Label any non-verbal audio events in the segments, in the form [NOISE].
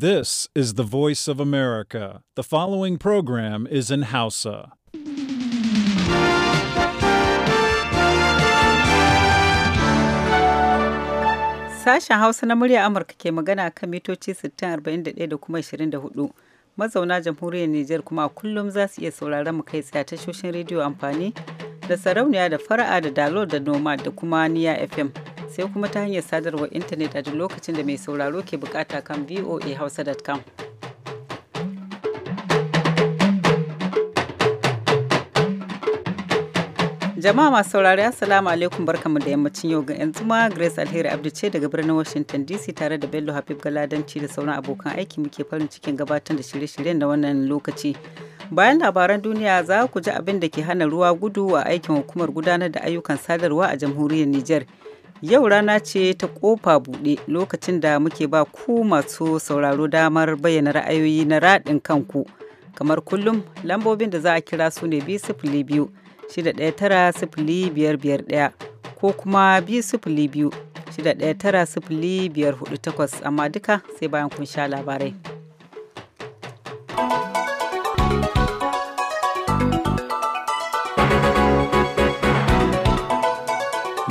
This is the voice of America. The following program is in Hausa. Sashen Hausa na murya Amurka ke magana kan mitoci 6041 da kuma 24. Mazauna jamhuriyar Nijar kuma kullum za su iya sauraron mu kai tsaye tashoshin rediyo amfani da sarauniya da fara'a da dalo da noma da kuma niya FM. sai kuma ta hanyar sadarwar intanet a duk lokacin da mai sauraro ke bukata kan voahausa.com. jama'a masu saurari assalamu alaikum barkamu da yammacin yau ga yanzu ma grace alheri abdu ce daga birnin washington dc tare da bello habib galadanci da sauran abokan aiki muke farin cikin gabatar da shirye-shiryen da wannan lokaci bayan labaran duniya za ku ji abin da ke hana ruwa gudu a aikin hukumar gudanar da ayyukan sadarwa a jamhuriyar niger Yau rana ce ta kofa buɗe lokacin da muke ba ku masu sauraro damar bayyana ra'ayoyi na raɗin kanku. Kamar kullum lambobin da za a kira su ne biyu shida ɗaya tara sifili biyar biyar ɗaya ko kuma biyu sifili biyu shida ɗaya tara sifili biyar hudu takwas amma duka sai bayan kun sha labarai.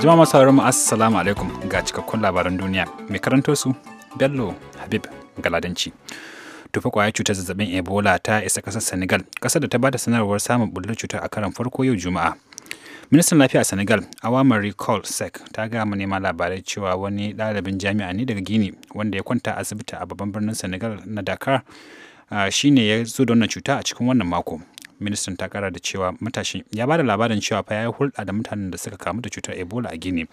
Jama'a masu sauraron mu assalamu alaikum ga cikakkun labaran duniya. Mai karanto su Bello Habib Galadanci. Tufa kwaya cutar zazzabin Ebola ta isa kasar Senegal, kasar da ta bada sanarwar samun bullar cutar a karan farko yau Juma'a. Ministan lafiya a Senegal, marie Col sec ta gaya manema labarai cewa wani ɗalibin jami'a ne daga Gini wanda ya kwanta asibiti a babban birnin Senegal na Dakar shine ya zo da wannan cuta a cikin wannan mako. ministan ta kara da cewa matashi ya ba da labarin cewa fa ya hulɗa da mutanen da suka kamu da cutar ebola a gini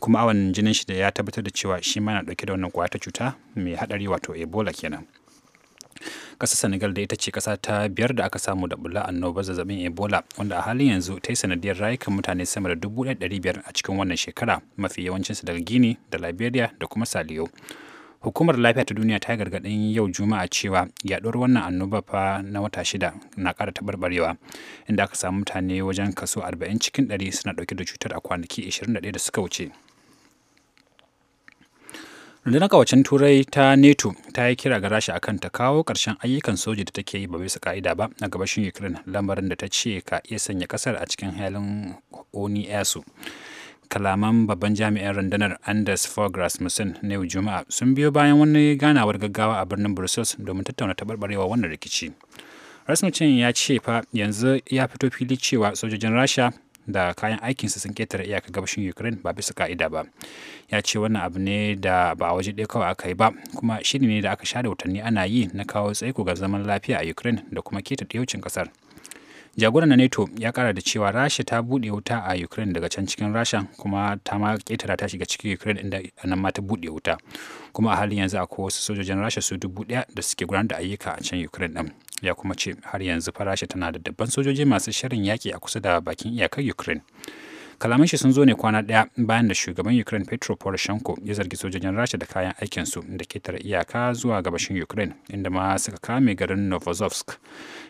kuma awan jinin shi da ya tabbatar da cewa shi ma na dauke da wannan kwata cuta mai hadari wato ebola kenan ƙasar senegal da ita ce kasa ta biyar da aka samu da bula annobar zazzabin ebola wanda a halin yanzu ta yi sanadiyar rayukan mutane sama da dubu a cikin wannan shekara mafi yawancinsu daga gini da liberia da kuma saliyo Hukumar Lafiya ta Duniya ta yi gargaɗin yau Juma'a cewa yaɗuwar wannan annoba fa na wata shida na ƙara taɓarɓarewa inda aka samu mutane wajen kaso 40 cikin 100 suna ɗauke da cutar a kwanaki 21 da suka wuce. rundunar kawacin turai ta neto ta yi kira ga rasha akan ta kawo ƙarshen ayyukan soja da take yi ba bisa ka'ida ba a gabashin ukraine lamarin da ta ce ka iya sanya ƙasar a cikin halin oni yasu kalaman babban jami'an rundunar Anders Fogh Rasmussen na yau Juma'a sun biyo bayan wani ganawar gaggawa a birnin Brussels domin tattauna taɓarɓarewa wannan rikici. Rasmussen ya ce fa yanzu ya fito fili cewa sojojin Rasha da kayan aikinsa sun ketare iyaka gabashin Ukraine ba bisa ka'ida ba. Ya ce wannan abu ne da ba a waje ɗaya aka yi ba, kuma shiri ne da aka sha da watanni ana yi na kawo tsaiko ga zaman lafiya a Ukraine da kuma keta ɗiyaucin kasar. jagoran na nato ya kara da cewa rasha ta buɗe wuta a ukraine daga can cikin rasha kuma ta ma ketara ta shiga cikin ukraine inda nan ma ta buɗe wuta kuma a halin yanzu akwai wasu sojojin rasha su dubu ɗaya da suke gudanar da ayyuka a can ukraine ɗin ya kuma ce har yanzu fa rasha tana da dabban sojoji masu shirin yaƙi a kusa da bakin iyakar ukraine kalaman shi sun zo ne kwana daya bayan da shugaban ukraine petro poroshenko ya zargi sojojin rasha da kayan aikinsu da ketare iyaka zuwa gabashin ukraine inda ma suka kame garin novozovsk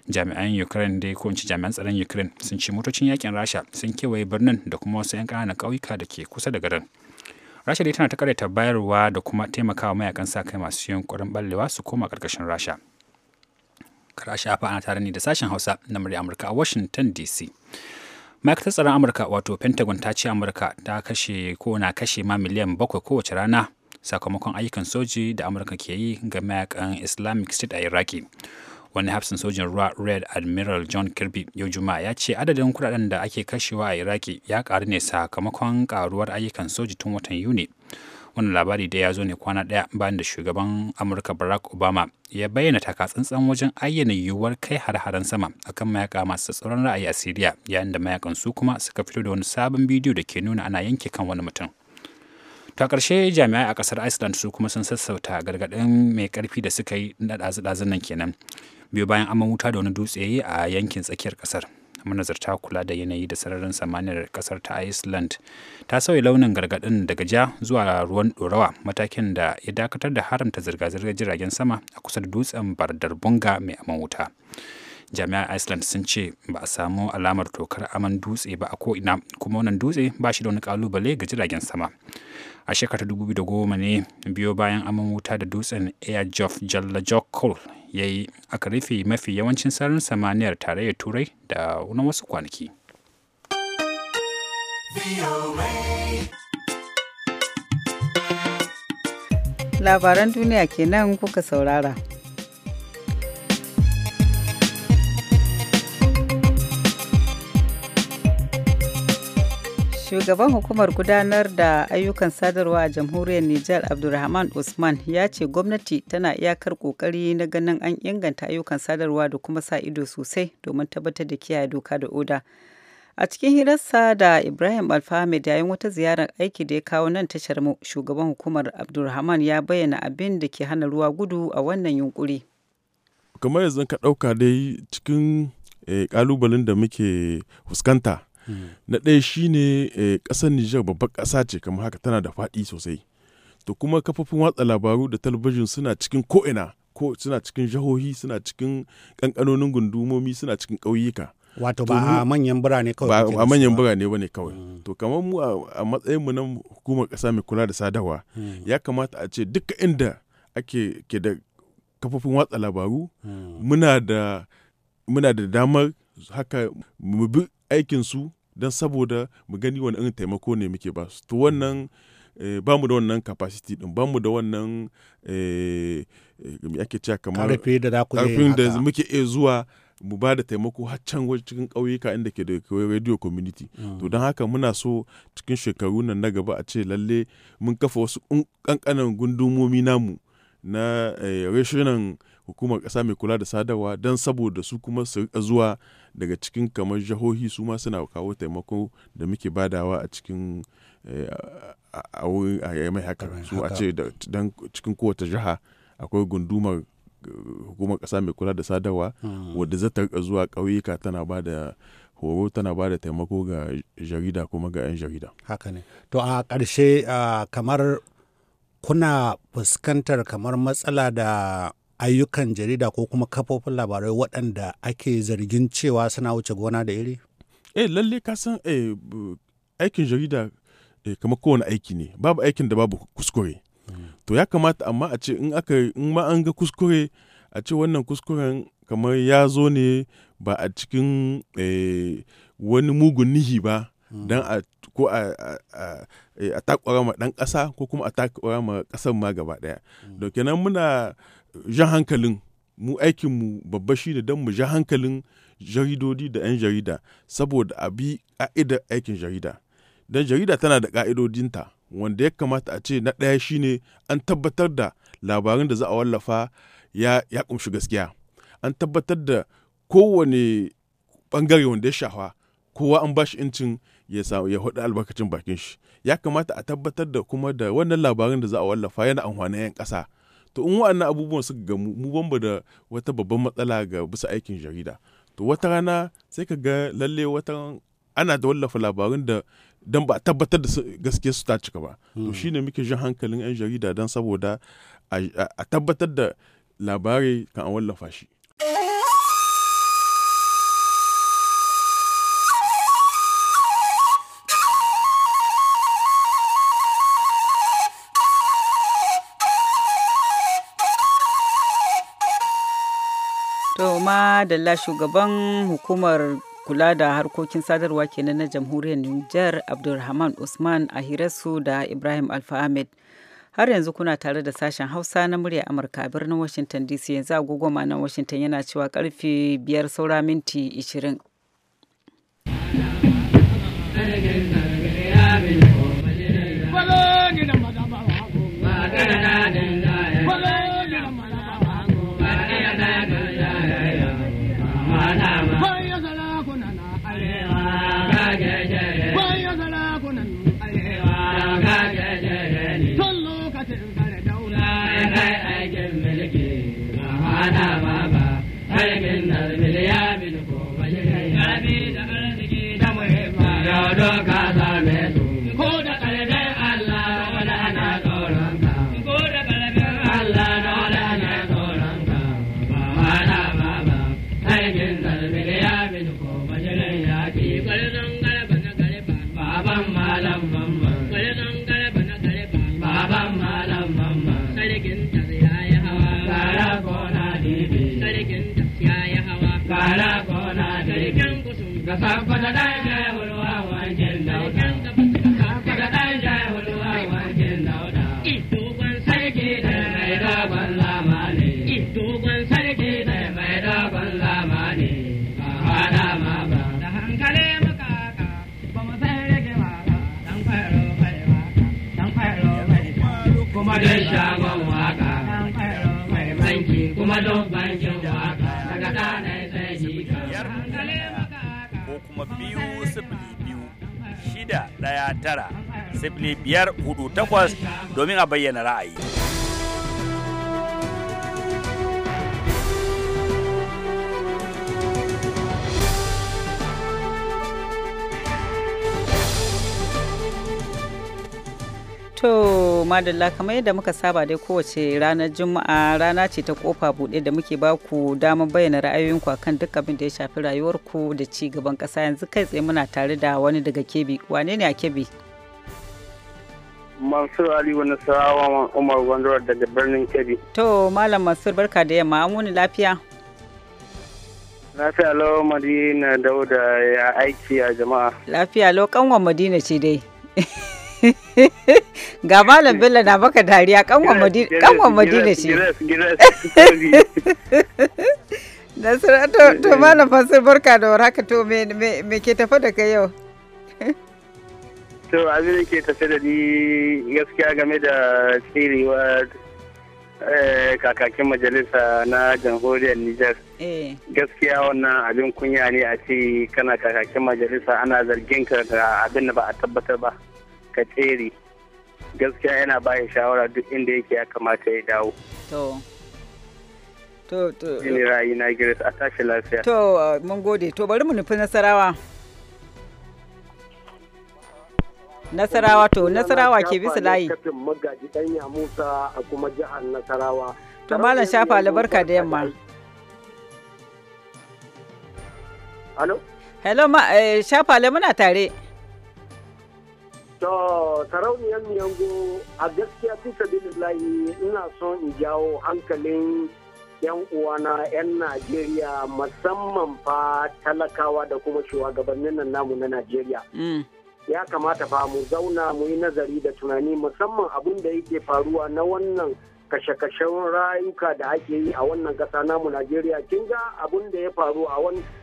jami'an ukraine dai ko jami'an tsaron ukraine sun ci motocin yakin rasha sun kewaye birnin da kuma wasu 'yan kananan kauyuka da ke kusa da garin rasha dai tana ta karyata bayarwa da kuma taimakawa mayakan sa kai masu yunkurin ballewa su koma karkashin rasha rasha fa'a na tare ne da sashen hausa na murya amurka a washington dc ma'aikatar tsaron amurka wato pentagon ta ce amurka ta kashe ko na kashe ma miliyan bakwai kowace rana sakamakon ayyukan soji da amurka ke yi ga mayakan islamic state a iraki wani hafsin sojin ruwa red admiral john kirby yau juma ya ce adadin kudaden da ake kashewa a iraki ya karu ne sakamakon karuwar ayyukan soji tun watan yuni wannan labari da ya zo ne kwana ɗaya bayan da shugaban amurka barack obama ya bayyana takatsantsan wajen ayyana yiwuwar kai har-haren sama akan mayaka masu tsoron ra'ayi a siriya yayin da mayakan su kuma suka fito da wani sabon bidiyo da ke nuna ana yanke kan wani mutum ta ƙarshe jami'ai a ƙasar iceland su kuma sun sassauta gargaɗin mai ƙarfi da suka yi na ɗazu-ɗazun nan kenan biyu bayan aman wuta da wani dutse a yankin tsakiyar ƙasar manazarta kula da yanayi da sararin samaniyar kasar ta iceland ta sauya launin gargadin daga ja zuwa ruwan dorawa matakin da ya dakatar da haramta zirga-zirgar jiragen sama a kusa da dutsen bardar bunga mai aman wuta jami'an iceland sun ce ba a samu alamar tokar aman dutse ba a ko'ina kuma wannan dutse ba shi da wani kalubale ga jiragen sama a shekarar goma ne biyo bayan aman wuta da dutsen air joff jalla jokol ya yi aka rufe mafi yawancin sararin samaniyar tarayyar turai da wani wasu kwanaki labaran duniya kenan kuka saurara shugaban hukumar gudanar da ayyukan sadarwa a jamhuriyar nijar abdulrahman usman ya ce gwamnati tana iyakar kokari na ganin an inganta ayyukan sadarwa da kuma sa ido sosai domin tabbatar da kiyaye doka da oda a cikin hirarsa da ibrahim alfahamid yayin wata ziyarar aiki da ya kawo nan tashar mu shugaban hukumar abdulrahman ya bayyana abin da ke hana ruwa gudu a wannan yunkuri kamar yanzu ka ɗauka dai cikin eh, ƙalubalen da muke fuskanta na ɗaya shine eh, ƙasar nijar babbar ƙasa ce kamar haka tana da faɗi sosai to kuma kafofin watsa labaru da talabijin suna cikin ko'ina ko suna cikin jihohi suna cikin ƙanƙanonin gundumomi suna cikin ƙauyuka wato ba a manyan birane kawai ba a manyan birane bane kawai mm. to kamar mu a matsayinmu na hukumar ƙasa mai kula da sadarwa mm. ya kamata a ce duka inda ake ke da kafofin watsa labaru mm. muna da muna da damar haka mu bi aikinsu don saboda mu gani wani irin taimako ne muke ba su to wannan eh, ba mu da wannan capacity din ba mu da wannan eh, eh, me ake cewa kamar karfin da muke iya zuwa mu ba da taimako har can cikin ƙauyuka inda ke da radio community mm. to don haka muna so cikin shekaru nan na gaba a ce lalle mun kafa wasu ƙanƙanan gundumomi namu na rashinan hukumar ƙasa mai kula da sadarwa don saboda su kuma su zuwa daga cikin kamar jihohi su ma suna kawo taimako da muke badawa a cikin eh, a wurin a mai haka su a ce don cikin kowace jiha akwai gundumar hukumar ƙasa mai kula da sadarwa hmm. wadda za ta zuwa ƙauyuka tana ba da horo tana ba da taimako ga jarida kuma ga 'yan jarida haka ne to a ƙarshe ah, kamar kuna fuskantar kamar matsala da ayyukan jarida ko kuma kafofin labarai waɗanda ake zargin cewa suna wuce gona da iri? Eh lalle ka san eh, aikin jarida eh, kamar kowane aiki ne babu aikin da babu kuskure. Hmm. To ya kamata amma a ce in ma an ga kuskure a ce wannan kuskuren kamar ya zo ne ba a cikin eh, wani mugun nihi ba. Hmm. don a ko a a takwara ma dan kasa ko kuma a takwara ma kasan ma gaba daya mm. don kenan muna jan hankalin mu aikinmu babba shi ne don mu ja hankalin jaridodi da 'yan jarida saboda a bi ƙa'idar aikin jarida don jarida tana da ƙa'idodinta wanda ya kamata a ce na ɗaya ne an tabbatar da labarin da za a wallafa ya, ya ƙumshi gaskiya an tabbatar da kowane ɓangare wanda ya shafa kowa an ba shi incin ya samu ya hudu albarkacin bakin shi ya kamata a tabbatar da kuma da wannan labarin da za a wallafa yana amfanin 'yan ƙasa to in wa'annan abubuwan suka gamu mu bamba da wata babban matsala ga bisa aikin jarida to wata rana sai ka ga lalle wata ana da wallafa labarun da don ba tabbatar da gaske su ta cika ba to hmm. shine muke jin hankalin 'yan jarida don saboda a tabbatar da labari kan an wallafa shi madalla shugaban hukumar kula da harkokin sadarwa kenan na jamhuriyar Nijar Abdulrahman Usman ahiresu da Ibrahim Alfa Ahmed. Har yanzu kuna tare da sashen Hausa na murya Amurka a birnin Washington DC yanzu agogoma na Washington yana cewa karfe biyar saura minti 20. gwargwadon bankin waka daga ɗanai sai ko kuma biyu sifili biyu shida ɗaya tara sifili biyar hudu takwas domin a bayyana ra'ayi. To madalla kamar yadda muka saba dai kowace ranar Juma'a rana ce ta kofa buɗe da muke ba ku damar bayyana ra'ayoyinku akan duk abin da ya shafi rayuwarku da ci gaban ƙasa yanzu kai tsaye muna tare da wani daga kebi. Wane ne a kebi? Mansur Ali wani sarawa Umar Gondor daga birnin Kebbi. To Malam Mansur barka da yamma an wuni lafiya. Lafiya lau Madina Dauda ya aiki a jama'a. Lafiya lau kanwan Madina ce dai. [LAUGHS] ga malam bello na baka dariya kanwan madina ce [LAUGHS] nasir to eh, eh. malam fasir barka da warhaka to me ke tafa da yau to abin ke tafe da ni gaskiya game da tsiriwa eh, kakakin majalisa na jamhuriyar Nijar. Gaskiya wannan abin kunya ne a ce kana kakakin majalisa ana zargin ka da abin da ba a tabbatar ba ka tsere. gaskiya yana ba shi shawara duk inda yake ya kamata ya dawo to to to ni na a tashi lafiya to uh, mun gode to bari mu nufi nasarawa nasarawa to nasarawa ke bisa layi kafin magaji danya musa a kuma jihar nasarawa to malam shafa albarka da yamma hello hello ma eh, shafa muna tare To, sarauniyar yango a gaskiya fita layi ina son in jawo hankalin 'yan uwana 'yan Najeriya musamman fa talakawa da kuma shugabannin nan namu na Najeriya. Mm. Ya kamata fa mu zauna mu yi nazari da tunani musamman abin da yake faruwa na wannan kashe-kashen rayuka da ake yi a wannan ƙasa namu Najeriya. kinga ga abin da ya faru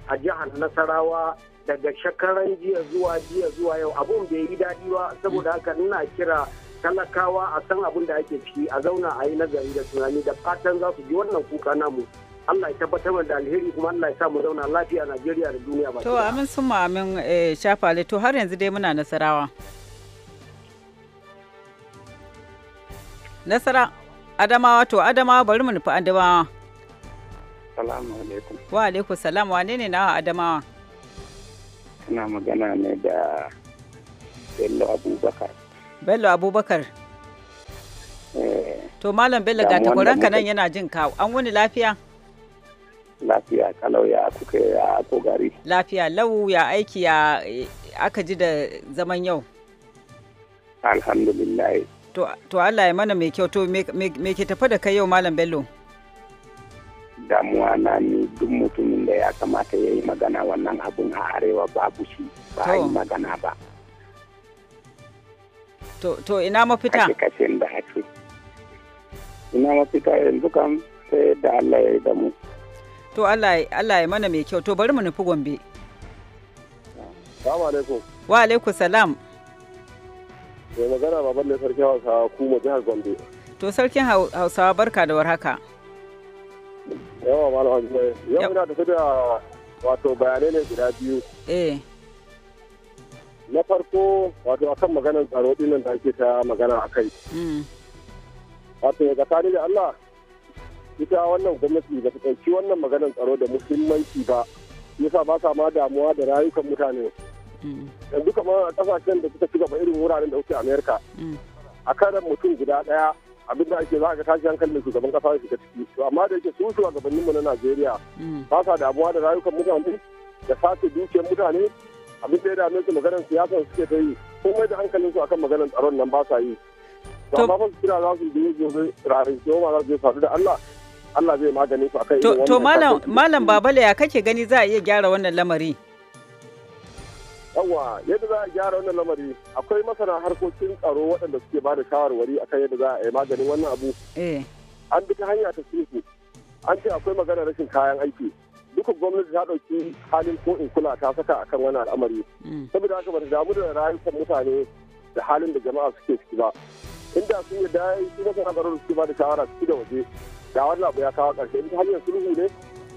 a jihar Nasarawa daga shekaran jiya zuwa jiya zuwa yau abun bai yi daɗi ba saboda haka ina kira talakawa a san abin da ake ciki a zauna a yi nazari da tunani da fatan za su ji wannan kuka namu Allah ya tabbatar da alheri kuma Allah ya sa mu zauna lafiya Najeriya da duniya ba. To amin sun amin eh, shafale to har yanzu dai muna nasarawa. Nasara Adamawa to Adamawa bari mu nufi Adamawa. Salamu alaikum. Wa alaikum salam wane ne na Adamawa? suna magana ne da bello abubakar bello abubakar eh, to malam bello ga takwaranka nan yana jin ka an wani lafiya lafiya kalau ya kuka ya kogari lafiya lau ya aiki ya aka ji da zaman yau alhamdulillah to allah ya mana mai kyau to me ke tafa da kai yau malam bello damuwa na ni duk mutumin da ya kamata ya yi magana wannan abun a arewa babu shi ba a yi magana ba. To, ina mafita? Kashe kashen da ake. Ina mafita yanzu kam sai da Allah ya yi da mu. To Allah ya mana mai kyau to bari mu nufi Gombe. Salamu alaikum. Wa alaikum salam. Mai magana baban da sarki Hausawa mu jihar Gombe. To sarkin Hausawa barka da warhaka. haka. yawa yau ina da wato bayanai ne guda biyu eh. na farko wato akan maganar tsaro dinnan da ake ta magana a kai hmm. wato tsakanin da Allah ita wannan gwamnati ba ta ɗauki wannan maganar tsaro da muhimmanci ba yasa ba sa ma damuwa da rayukan mutane hmm. yanzu kamar a kasashen da suka ci gaba irin wuraren da wuce amerika hmm. a karan mutum guda ɗaya abinda ake za ka tashi hankalin shugaban kasa ya shiga ciki to amma da yake su shugabannin mu na Najeriya mm. ba sa da abuwa da rayukan mutane da sace dukiyar mutane abin da ya dame su maganar siyasa suke ta yi komai da hankalin su akan maganar tsaron nan ba sa yi to amma fa kira za su je gobe rarin ma za su je faru da Allah Allah zai magane su akan to malam malam babale ya kake gani za a iya gyara wannan lamari yawa yadda za a gyara wannan lamari akwai masana harkokin tsaro waɗanda suke ba da shawarwari akan yadda za a yi maganin wannan abu eh. an bi ta hanya ta sulhu an ce akwai magana rashin kayan aiki duka gwamnati ta ɗauki halin ko in kula ta saka akan wannan al'amari mm. saboda haka ba ta damu da rayukan mutane da halin da jama'a suke ciki ba inda sun yi da su masana tsaro suke ba da shawara suke da waje da wannan abu ya kawo ƙarshe in ta hanyar sulhu ne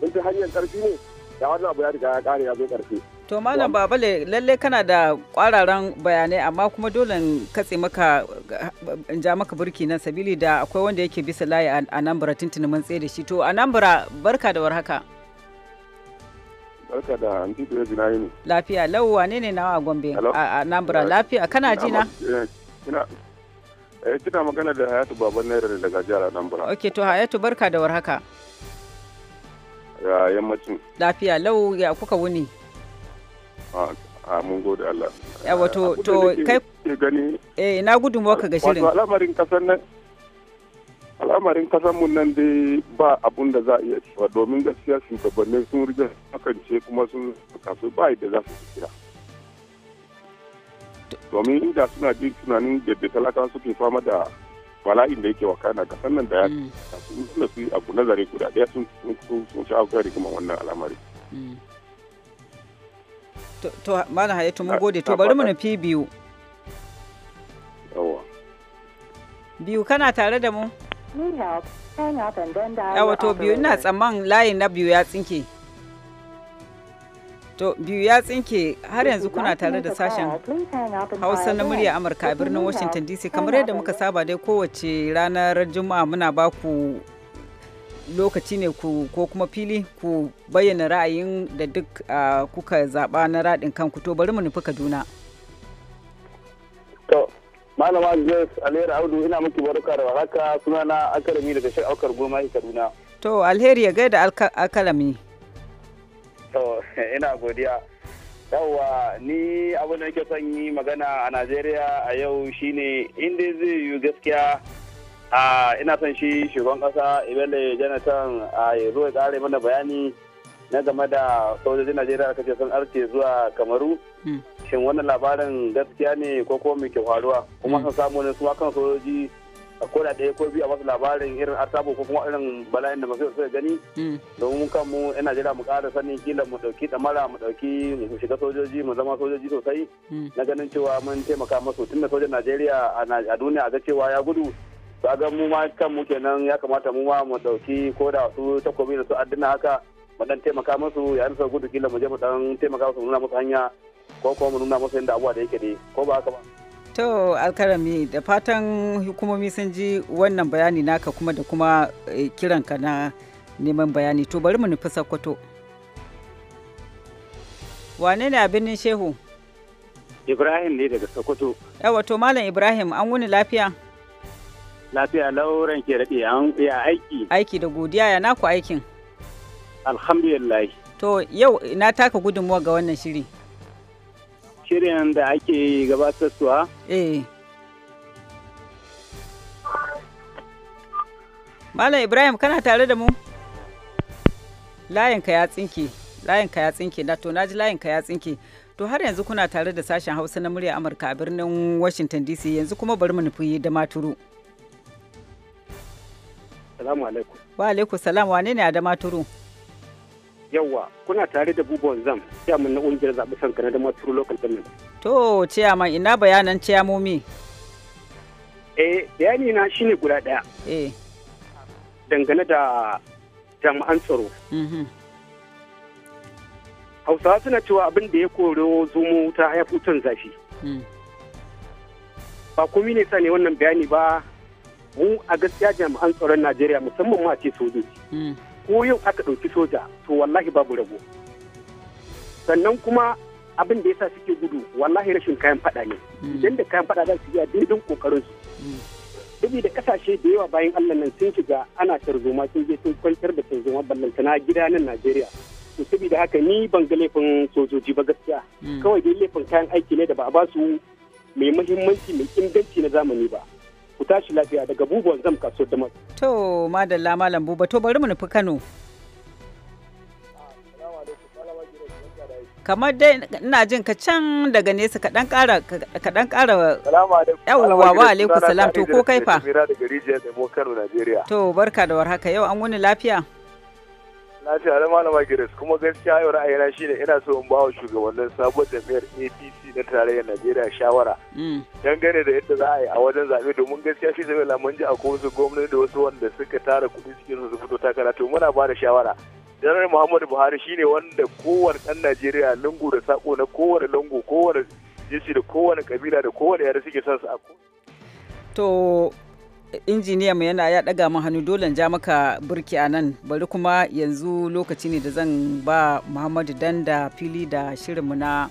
in ta hanyar ƙarfi ne da wannan abu ya riga ya ƙare ya zo ƙarshe To malam babale lalle kana da kwararan bayanai amma kuma dole katse maka in ja maka burki nan sabili da akwai wanda yake bisa layi a nambara tintini mun tsaye da shi to a nambara barka da warhaka. Barka da anti da jina ne. Lafiya lau wane ne nawa a Gombe a nambara eh, lafiya kana ji na? Eh, eh kina magana da Hayatu baban Naira daga jihar nambara Okay to Hayatu barka da warhaka. Ya yammacin. Lafiya lau ya kuka wuni. a ah, mun gode Allah yawa to to kai gani eh na mu ka ga shirin wato al'amarin kasan nan al'amarin kasan mun nan dai ba abun da za a iya cewa domin gaskiya shugabannin sun riga makance kuma sun kasu ba da za su tsira domin inda suna jin tunanin yadda talakawa suke fama da bala'in da yake wakana kasan nan da ya kasu mm. suna su yi abu nazari guda ɗaya sun sha akwai rigima wannan al'amari. Mm. to malam to mun ah, gode to bari mu nufi biyu biyu kana tare da mu yawa to biyu ina tsamman layin na biyu ya tsinke to biyu ya tsinke har yanzu kuna tare da sashen hausa na murya amurka a birnin washington dc kamar yadda muka saba dai kowace ranar juma'a muna baku lokaci ne ku ko kuma fili ku bayyana ra'ayin da duk uh, kuka zaɓa na raɗin kanku to bari mu nufi kaduna to malama grace alheri audu ina miki barka da haka sunana akarami daga shi aukar goma kaduna to alheri ya gaida akarami to [LAUGHS] ina godiya yawwa ni abin da yake son yi magana a najeriya a yau shine inda zai yi gaskiya ina son shi shugaban kasa ibele jonathan a yanzu ya kare mana bayani na game da sojojin najeriya da kace sun arce zuwa kamaru hmm. shin wannan labarin gaskiya ne ko ko ke faruwa kuma hmm. sun samu ne su kan sojoji a ko da ɗaya ko biyu a wasu labarin irin asabu ko kuma irin bala'in da masu suka gani hmm. domin kan mu yan najeriya mu kara sanin kila mu ɗauki ɗamara mu ɗauki mu shiga sojoji mu zama sojoji sosai na ganin cewa mun taimaka masu tunda sojan najeriya a duniya a ga cewa ya gudu ga mu ma kanmu kenan ya kamata mu ma mu dauki ko da su takobi da su addina haka mu dan taimaka musu ya sa gudu kila mu je mu dan taimaka musu nuna musu hanya ko kuma mu nuna musu yadda abuwa da yake dai ko ba haka ba to alkarami da fatan hukumomi sun ji wannan bayani naka kuma da kuma eh, kiranka na neman bayani to bari mu nufi sakkwato wane ne a birnin shehu ibrahim ne daga sokoto yawa to malam ibrahim an wuni lafiya Lafiya lauren ke daɗe ya aiki. Aiki da godiya ya naku aikin. Alhamdulillah. To yau na taka gudunmuwa ga wannan shiri. Shirin da ake gabatarwa? Eh. Malam Ibrahim kana tare da mu? Layinka ya tsinke. layinka ya tsinke na to na ji layinka ya tsinke to har yanzu kuna tare da sashen hausa na murya amurka a birnin washington dc yanzu kuma bari mu nufi da maturu. Assalamu alaikum. Wa alaikum salam wane ne Adama Turu? Yawwa kuna tare da Bubuwan Zam, ciyaman na ƙungiyar zaɓe sanka na Adama Turu Local Government. To ciyaman ina bayanan ciyamomi? Eh bayani na shine guda ɗaya. Eh. Dangane da jami'an tsaro. Mm-hmm. Hausawa suna cewa abin da ya kori zumu ta haifutan zafi. Mm. Ba komi ne sa ne wannan bayani ba mu a gaskiya jami'an tsaron najeriya musamman ma ce sojoji hmm. ko yau aka ɗauki soja to wallahi babu rabo sannan kuma abin da yasa suke gudu wallahi rashin kayan fada ne hmm. idan da kayan fada za su iya daidin kokarin su hmm. da kasashe da yawa bayan allah nan sun shiga ana tarzoma sun je sun kwantar da tarzoma ballantana gida nan najeriya to saboda haka ni ban ga laifin sojoji ba gaskiya kawai dai laifin kayan aiki ne da ba a ba mai muhimmanci mai inganci na zamani ba ku tashi lafiya daga bubuwan zam kaso da mai. To madalla malam buba to bari mu nufi Kano. Kamar dai ina jin ka can daga nesa ka ɗan ƙara ka dan yawwa wa alaikum salam to ko kai fa. To barka da warhaka yau an wuni lafiya. na ce da malama gires kuma gaskiya yau ra'ayina ne ina so in bawa shugabannin sabon jami'ar APC na tarayyar Najeriya shawara mm. dangane da yadda za a yi a wajen zaɓe domin gaskiya shi zaɓe lamun ji a wasu gwamnati da wasu wanda suka tara kuɗi cikin su fito takara to muna ba da shawara janar Muhammadu Buhari ne wanda kowane ɗan Najeriya lungu da sako na kowane lungu kowane jinsi da kowane kabila da kowane yare suke son su a To injiniya mu yana ya daga mu hannu dole ja maka burki a nan bari kuma yanzu lokaci ne da zan ba muhammadu danda fili da shirinmu na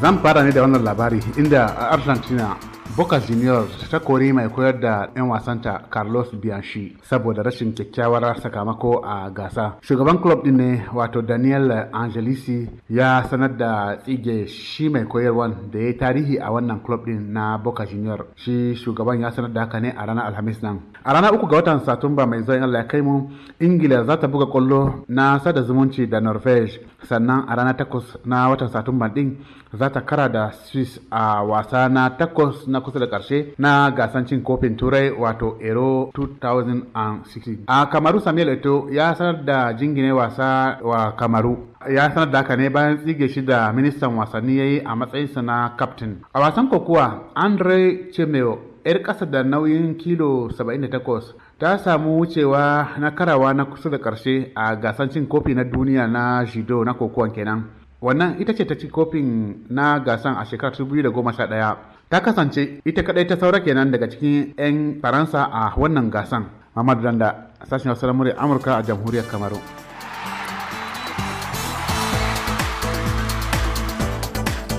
zan fara ne da wannan labari inda arslantina Boca Juniors ta kori mai koyar da 'yan wasanta Carlos Bianchi saboda rashin kyakkyawar sakamako a gasa. Shugaban club din ne wato Daniel Angelisi ya sanar da tsige shi mai koyarwan da ya yi tarihi a wannan club din na Boca juniors Shi shugaban ya sanar da haka ne a ranar Alhamis nan. a ranar uku ga watan satumba mai zuwa allah ya kai mu ingila za ta buga kwallo na sada zumunci da norvege sannan a ranar takwas na watan satumba din za ta kara da swiss a wasa na takwas na kusa da karshe na gasan cin kofin turai wato Ero 2016 a kamaru samuel eto ya sanar da jingine wasa wa kamaru ya sanar da haka ne bayan tsige shi da ministan wasanni ya yi a matsayinsa na captain a wasan kokuwa andre chemeo 'yar ƙasa da nauyin kilo 78 ta samu wucewa na karawa na kusa da ƙarshe a gasar cin kofi na duniya na judo na kokowan kenan wannan ita ce ta ci kofin na gasan a shekarar 2011 ta kasance ita kadai ta saura kenan daga cikin 'yan faransa a wannan gasan mamadu danda sashen wasu amurka a jamhuriyar kamaru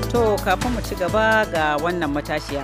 to kafin mu ci gaba ga wannan matashiya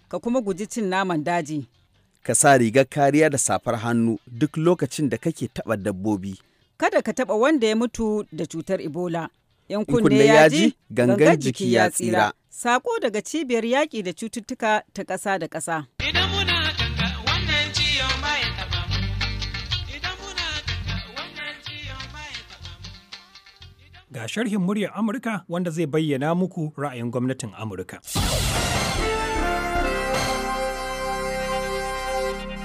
ka kuma guji cin naman daji. Ka sa rigar kariya da safar hannu duk lokacin da kake taɓa dabbobi. Kada ka taɓa wanda ya mutu da cutar Ebola. ‘Yan kunne ya ji, gangan jiki ya tsira. Sako daga cibiyar yaƙi da cututtuka ta ƙasa da ƙasa. Ga sharhin muryar Amurka wanda zai bayyana muku ra'ayin gwamnatin Amurka.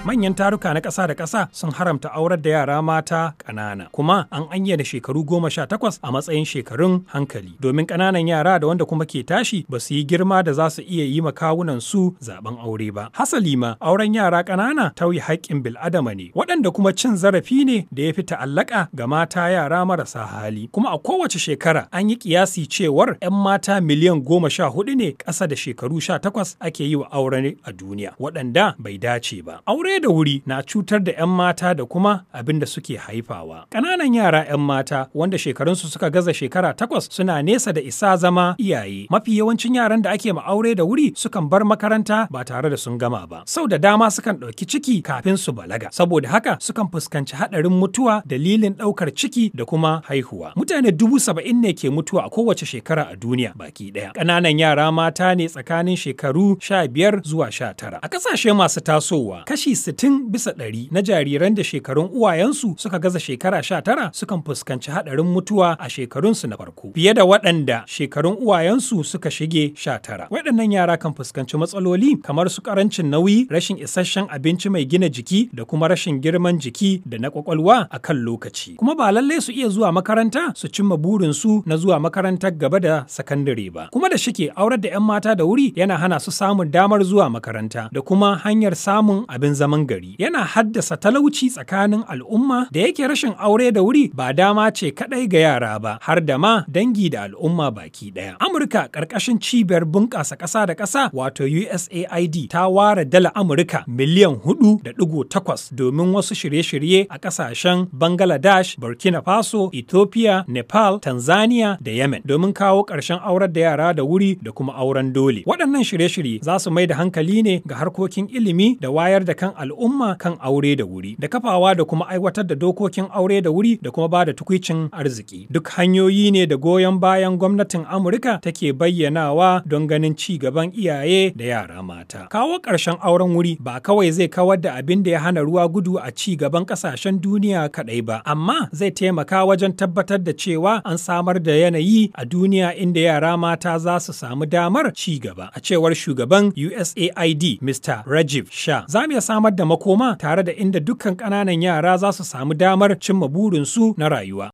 manyan taruka na ƙasa da ƙasa sun haramta aurar da yara mata ƙanana kuma an ayyana shekaru goma sha takwas a matsayin shekarun hankali domin ƙananan yara da wanda kuma ke tashi ba su yi girma da za su iya yi ma kawunan su zaɓen aure ba hasali ma auren yara ƙanana tauye haƙƙin bil'adama ne waɗanda kuma cin zarafi ne da ya fi ta'allaka ga mata yara marasa hali kuma a kowace shekara an yi kiyasi cewar 'yan mata miliyan goma sha hudu ne ƙasa da shekaru sha takwas ake yi wa aure a duniya waɗanda bai dace ba aure tare da wuri na cutar da 'yan mata da kuma abin da suke haifawa. Ƙananan yara 'yan mata wanda shekarunsu suka gaza shekara takwas suna nesa da isa zama iyaye. Mafi yawancin yaran da ake ma'aure da wuri sukan bar makaranta ba tare da sun gama ba. Sau da dama sukan ɗauki ciki kafin su balaga. Saboda haka sukan fuskanci haɗarin mutuwa dalilin ɗaukar ciki da kuma haihuwa. Mutane dubu saba'in ne ke mutuwa a kowace shekara a duniya baki ɗaya. Ƙananan yara mata ne tsakanin shekaru sha biyar zuwa sha tara. A ƙasashe masu tasowa kashi 60 bisa ɗari na jariran da shekarun uwayensu suka gaza shekara 19 sukan fuskanci haɗarin mutuwa a shekarunsu na farko fiye da waɗanda shekarun uwayensu suka shige 19. Waɗannan yara kan fuskanci matsaloli kamar su ƙarancin nauyi, rashin isasshen abinci mai gina jiki da kuma rashin girman jiki da na ƙwaƙwalwa a kan lokaci. Kuma ba lallai su iya zuwa makaranta su cimma burinsu na zuwa makarantar gaba da sakandare ba. Kuma da shike aurar da 'yan mata da wuri yana hana su samun damar zuwa makaranta da kuma hanyar samun abin zaman zaman gari yana haddasa talauci tsakanin al'umma da yake rashin aure da wuri ba dama ce kadai ga yara ba har da ma dangi da al'umma baki daya. Amurka karkashin cibiyar bunƙasa ƙasa da ƙasa wato USAID ta ware dala Amurka miliyan hudu da ɗugu takwas domin wasu shirye-shirye a ƙasashen Bangladesh, Burkina Faso, Ethiopia, Nepal, Tanzania da Yemen domin kawo ƙarshen aurar da yara da wuri da kuma auren dole. Waɗannan shirye-shirye za su mai da hankali ne ga harkokin ilimi da wayar da kan al'umma kan aure da wuri da kafawa da kuma aiwatar da dokokin aure da wuri da kuma ba da tukwicin arziki duk hanyoyi ne da goyon bayan gwamnatin amurka take bayyanawa don ganin ci gaban iyaye da yara mata kawo ƙarshen auren wuri ba kawai zai kawar da abin da ya hana ruwa gudu a ci gaban ƙasashen duniya kaɗai ba amma zai taimaka wajen tabbatar da cewa an samar da yanayi a duniya inda yara mata za su samu damar ci gaba a cewar shugaban USAID Mr. Rajiv Shah za mu iya samar samar da makoma tare da inda dukkan ƙananan yara za su samu damar cimma burinsu na rayuwa.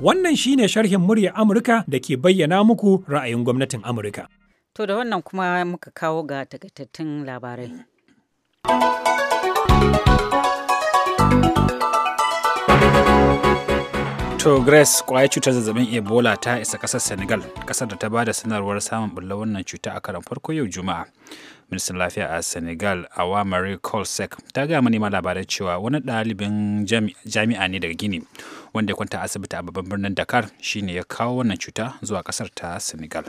Wannan shi ne sharhin murya Amurka da ke bayyana muku ra'ayin gwamnatin Amurka. To da wannan kuma muka kawo ga takaitattun labarai. To Grace kwaya cutar zazzabin Ebola ta isa kasar Senegal, kasar da ta ba da sanarwar samun bulla wannan cuta a karan farko yau Juma'a. Ministan Lafiya a Senegal, Awa Marie Colsec, ta gaya manema labarai cewa wani ɗalibin jami'a ne daga Gini, wanda ya kwanta asibiti a babban birnin Dakar shine ya kawo wannan cuta zuwa kasar ta Senegal.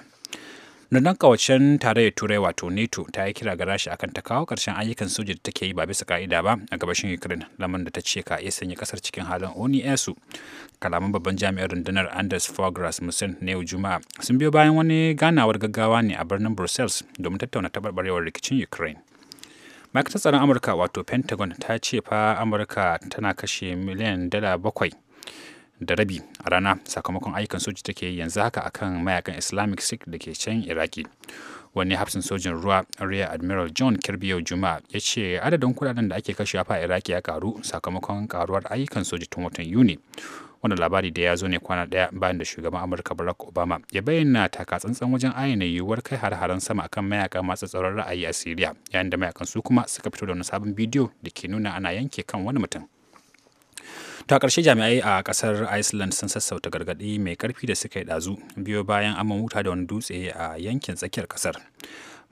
Rundunar kawacen tarayyar Turai wato neto ta yi kira ga Rasha akan ta kawo ƙarshen ayyukan soja da take yi ba bisa ka'ida ba a gabashin Ukraine, lamar da ta ce ka iya sanya kasar cikin halin oni su. Kalaman babban jami'ar rundunar Anders Fogras Musin na yau Juma'a sun biyo bayan wani ganawar gaggawa ne a birnin Brussels domin tattauna taɓarɓarewar rikicin Ukraine. ma'aikatar tsaron amurka wato pentagon ta ce fa amurka tana kashe miliyan dala bakwai da rabi a rana sakamakon ayyukan soji take yi yanzu haka akan mayakan islamic sikh da ke can iraki wani hafsin sojin ruwa rear admiral john kirby yau juma'a ya ce adadin kudaden da ake kashewa fa iraki ya karu sakamakon karuwar ayyukan soji tun watan yuni wannan labari da ya zo ne kwana daya bayan da shugaban amurka barack obama ya bayyana taka takatsantsan wajen ayyana yiwuwar kai har-haren sama akan mayaka masu tsaron ra'ayi a syria yayin da mayakan su kuma suka fito da wani sabon bidiyo da ke nuna ana yanke kan wani mutum To a ƙarshe jami'ai a ƙasar Iceland sun sassauta gargaɗi mai ƙarfi da suka yi ɗazu biyo bayan amon wuta da wani dutse a yankin tsakiyar ƙasar.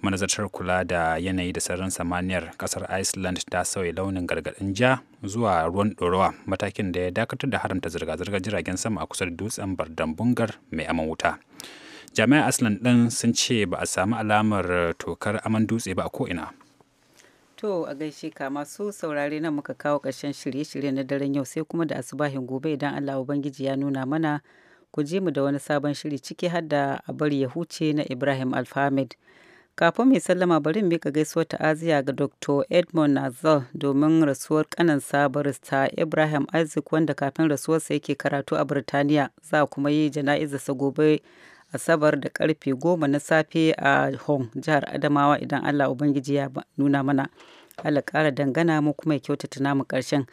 manazartar kula da yanayi da sararin samaniyar ƙasar iceland ta sauya launin gargaɗin ja zuwa ruwan ɗorawa matakin da ya dakatar da haramta zirga-zirgar jiragen sama a kusa da dutsen bardambungar mai aman wuta jami'an iceland ɗin sun ce ba a samu alamar tokar aman dutse ba a ko'ina To a gaishe ka masu saurare nan muka kawo ƙarshen shirye-shirye na daren yau sai kuma da asubahin gobe idan Allah Ubangiji ya nuna mana ku je mu da wani sabon shiri ciki har da a bari ya huce na Ibrahim alfamid Kafin mai sallama bari mika gaisuwar ta'aziya ga Dr. Edmond Nazar domin rasuwar kanan barista Ibrahim Isaac wanda kafin rasuwarsa yake karatu a Birtaniya za kuma yi jana'izarsa gobe asabar da karfe goma na safe a hong jihar adamawa idan allah ubangiji ya nuna mana allah kara dangana mu kuma ya kyautata namu karshen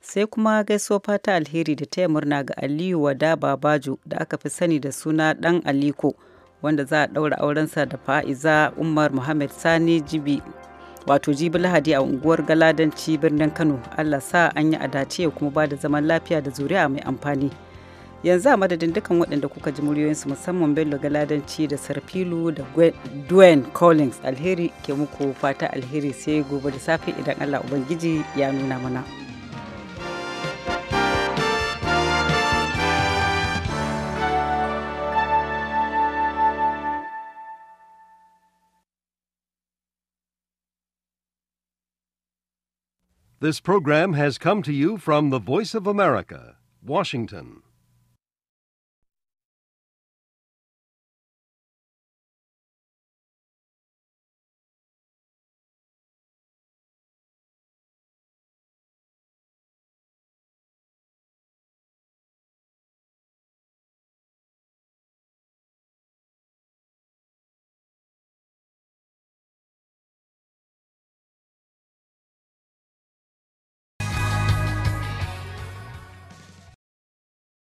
sai kuma gaisuwa fata alheri da taya murna ga aliyu wada babaju da aka fi sani da suna dan aliko wanda za a ɗaura aurensa da fa'iza umar muhammad sani jibi wato jibi lahadi a unguwar galadanci birnin kano allah sa an yi adace ya kuma ba da zaman lafiya da zuri'a mai amfani yanzu a madadin dukkan waɗanda kuka ji muryoyinsu musamman bello galadanci da sarfilu da collins alheri ke muku fata alheri sai gobe da safe idan allah ubangiji ya nuna mana. This program has come to you from the Voice of America, Washington.